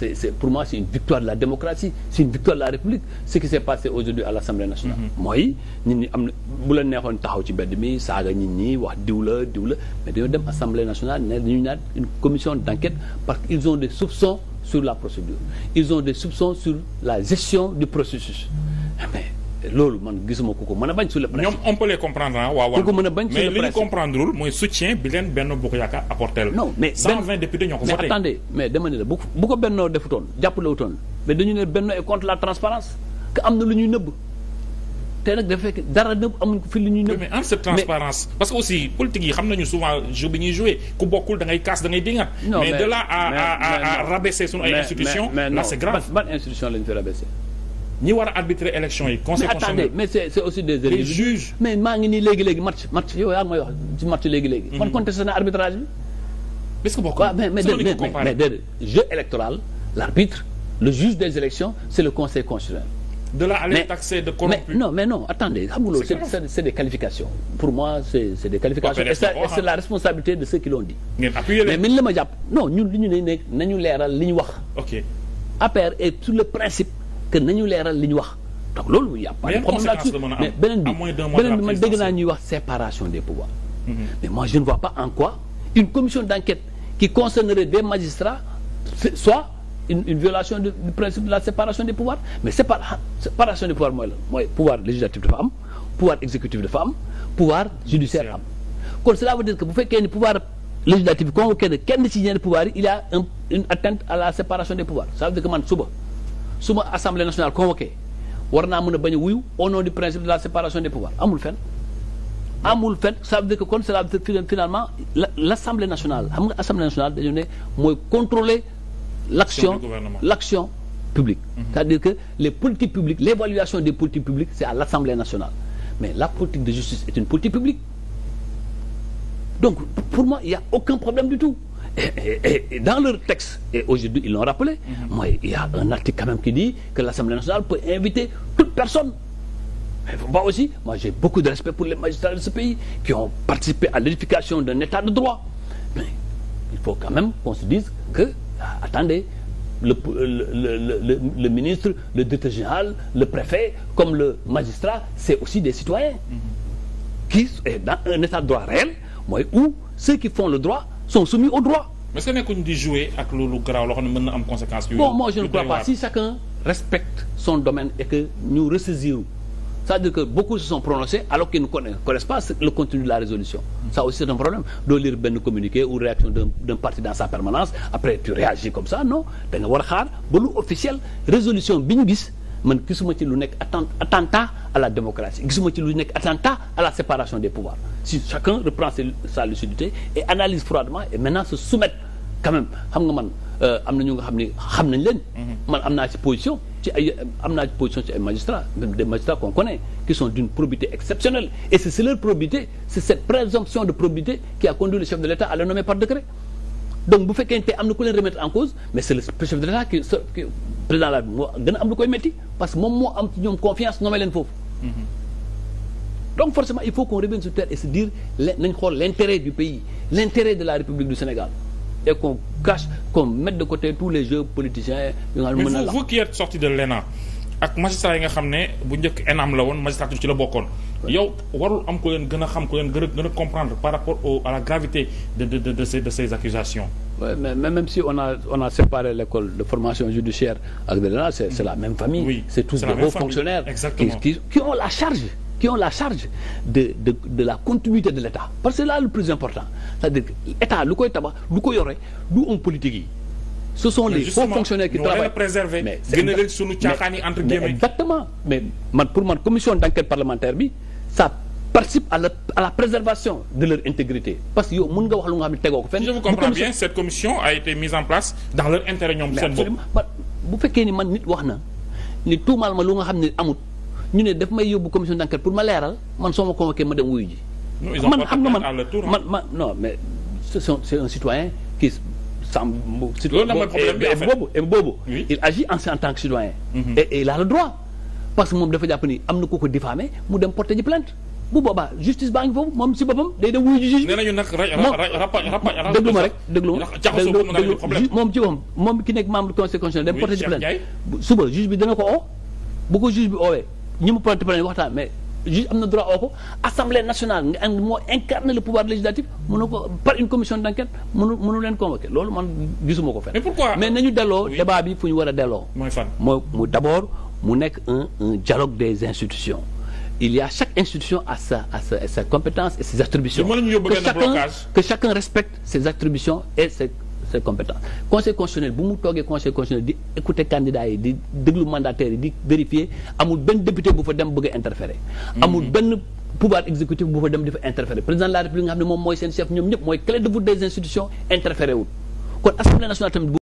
c'est c'est pour moi c'est une victoire de la démocratie c'est une victoire de la République ce qui s'est passé aujourd'hui à l'Assemblée nationale mm-hmm. mooy nit ñi am na bu la taxaw ci mbedd mi saaga nit ñi wax diw la diw la mais dañoo dem Assemblée nationale ne dañu naan une commission d'enquête parce qu'ils ont des soupçons sur la procédure ils ont des soupçons sur la gestion du processus loolu man gisuma ku ko mën a bañ. sous le pression ñoom on peut comprendre ah waaw ku ko mën a bañ mais li ñu comprendrewul mais 120 députés ñoo mais attendez mais dama la bu ko Benno defutoon jàppale wutoon mais dañu ne Benno est contre la transparence que am na lu ñuy nëbb. te nag dafa fekk dara nëb amuñ ko fi lu ñuy nëb. mais en cette transparence parce que aussi politique yi xam nañu souvent jeu bi ñuy joué ku bokkul da ngay kaas da ngay dingat. mais de là à à à rabaisser ñi war a arbitrer élection yi. conseil constitutionnel mais attendez mais c'est c'est aussi des. des juges mais maa ngi mhm. arbitrage ce que bokkul mais mais déedéet mais déedéet jeu électoral l'arbitre le juge des élections c'est le conseil constitutionnel. de non mais non attendez xam c'est des qualifications pour moi c'est des qualifications et c'est la responsabilité de ceux qui l'ont dit. ngeen appuyer mais min la ma jàpp non ñun li ñu ne nañu leeral li ñu wax. ok APR est tout le principe. que nañu leeral li ñu wax donc loolu y' a pas de problème là-dessus bi beneen bi man dégg naa wax séparation des pouvoirs. Mm-hmm. mais je ne vois pas en quoi une commission d' enquête qui concernerait des magistrats soit une une violation du principe de la séparation des pouvoirs mais sépara séparation des mooy la mooy pouvoir législatif dafa am pouvoir exécutif dafa am pouvoir judiciaire am kon cela veut dire que bu fekkee ni pouvoir législatif bi convoqué na kenn ci ñenn pouvoir yi il su ma assemblée nationale convoqué war naa mën a bañ a wuyu au nom du principe de la séparation des pouvoirs amul fenn. fen fenn ça veut dire que kon ça veut finalement l' assemblée nationale xam nga assemblée nationale dañu ne mooy contrôler l' action l' action publique. Mhm. c' est à dire que les politiques publiques l' des politiques publiques c' à l' assemblée nationale mais la politique de justice est une politique publique donc pour moi il y a aucun et, et, et dans leur texte et aujourd'hui ils l'ont rappelé mmh. moi il y a un article quand même qui dit que l'Assemblée nationale peut inviter toute personne moi aussi moi j'ai beaucoup de respect pour les magistrats de ce pays qui ont participé à l'édification d'un état de droit mais il faut quand même qu'on se dise que ah, attendez le, le, le, le ministre le directeur général le préfet comme le magistrat c'est aussi des citoyens mmh. qui est dans un état de droit réel moi où ceux qui font le droit sont soumis au droit. mais ce nekkuñ di jouer ak loolu garaaw loo xam ne mën na am conséquence. yu bon moi je ne crois pas si chacun respecte son domaine et que ñu ressaisir c'est-à-dire que beaucoup se sont prononcés alors qu'ils ne connaissent pas le contenu de la résolution. ça aussi c'est un problème doo lire benn communiqué ou réaction d'un parti dans sa permanence après tu réagis comme ça non da nga war a xaar ba lu officiel résolution bi ñu gis. man gisuma ci lu nekk attentat à la démocratie gisuma ci lu nekk attentat à la séparation des pouvoirs si chacun reprend sa lucidité et analyse froidement et maintenant se soumettre quand même nga man euh, am na ñu nga xam ne xam nañ leen mhm. man am naa ci position ci ay naa ci position ci ay magistrats même des magistrats qu'on connaît qui sont d'une probité exceptionnelle et c'est c'est probité c'est cette présomption de probité qui a conduit le chef de l'État à le nommer par décret donc bu fekkee ne en cause président la gën a am lu koy métti parce que moom moo am ci ñoom confiance nommé leen foofu mhm. donc forcément il faut qu'on revienne sur terre et se dire nañ xool l'intérêt du pays l'intérêt de la République du Sénégal et qu'on cache qu'on mette de côté tous les jeux politiciens yu nga mën a la ak magistrat yi nga xam ne bu njëkk ENAM la woon magistrature ci la bokkoon yow war am ko leen gën a xam ko comprendre par rapport au la gravité de de de de ces de ces accusations. oui mais même si on a séparé l'école de formation judiciaire ak c'est la même famille. oui c'est tous des hauts fonctionnaires. qui ont la charge. qui ont de la continuité de l'État parce que là le plus important c'est-à-dire que l'État lu koy tabax lu ko yore du homme politique yi. ce sont les hauts fonctionnaires qui travaillent préserver mais gën a leen sunu caaxaan yi entre guillemets. exactement pour man commission d'enquête parlementaire bi. ça participe à la à préservation de leur intégrité parce que yow mën nga wax lu nga xam ne tegoo ko fenn. je vous cette commission a été mise en place dans leur intérêt ñoom seen bopp. bu man nit wax na ni tuumaal ma lu nga xam ne amut ñu ne daf may bu commission d'enquête pour ma leeral man soo ma convoqué ma dem wuyu ji. man xam nga man man man non mais c'est un citoyen qui semble. loolu la boobu il agit en tant que citoyen. Mm-hmm. et il a le droit. parce que moom dafa jàpp ni am na ku ko diffamé mu dem porter ji plainte bu boobaa justice baa ngi foofu moom si boppam day dem wuyu ji juge. nee nañu nag déglu ma rek déglu ma déglu moom moom ki nekk membre conseil constitutionnel dem porter ji plainte suba juge bi dana ko oo bu ko juge bi oowee ñi mu porter plainte waxtaan mais juge am na droit oo ko assemblée nationale nga moo incarne le pouvoir législatif mënu ko par une commission d' enquête mënu mënu leen convoqué loolu man gisuma ko fenn mais a delloo mu nekk un un dialogue des institutions il y chaque institution à sa à sa, à sa compétence et ses attributions que chacun que respecte ses attributions et ses compétences conseil constitutionnel bu mu toogee conseil constitutionnel di écouter candidats yi di déglu mandataires yi di vérifier amul benn député bu fa dem bëgg a interférer mm-hmm. amul benn pouvoir exécutif bu fa dem di fa interférer président de la république nga xam ne moom mooy seen chef ñoom ñëpp mooy clé de